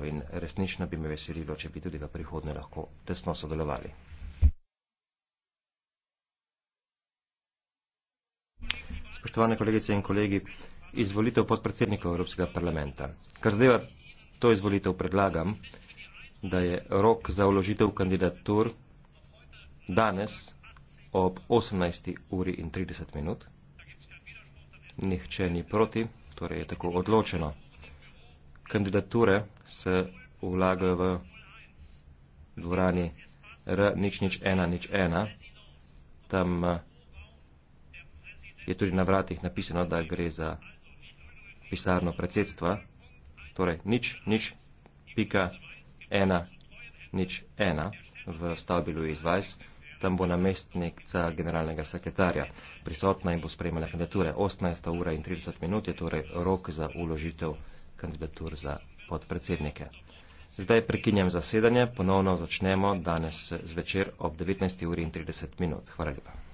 Hrvaško in resnično bi me veselilo, če bi tudi v prihodne lahko tesno sodelovali. Spoštovane kolegice in kolegi, izvolitev podpredsednika Evropskega parlamenta. Kar zdaj to izvolitev predlagam, da je rok za uložitev kandidatur danes ob 18. uri in 30 minut. Nihče ni proti, torej je tako odločeno kandidature se vlagajo v dvorani R nič nič ena nič ena. Tam eh, je tudi na vratih napisano, da gre za pisarno predsedstva. Torej nič nič pika ena nič ena v stavbi Louis Weiss. Tam bo namestnica generalnega sekretarja prisotna in bo spremljala kandidature. 18 ura in 30 minut je torej rok za uložitev kandidatur za podpredsednike. Zdaj prekinjam zasedanje, ponovno začnemo danes zvečer ob 19.30 minut. Hvala lepa.